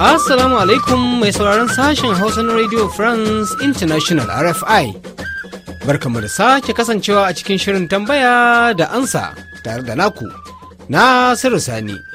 Assalamu alaikum mai sauraron sashen Hausa na Radio France International RFI. Barkamu da sake kasancewa a cikin shirin tambaya da ansa tare da naku. Nasiru Sani.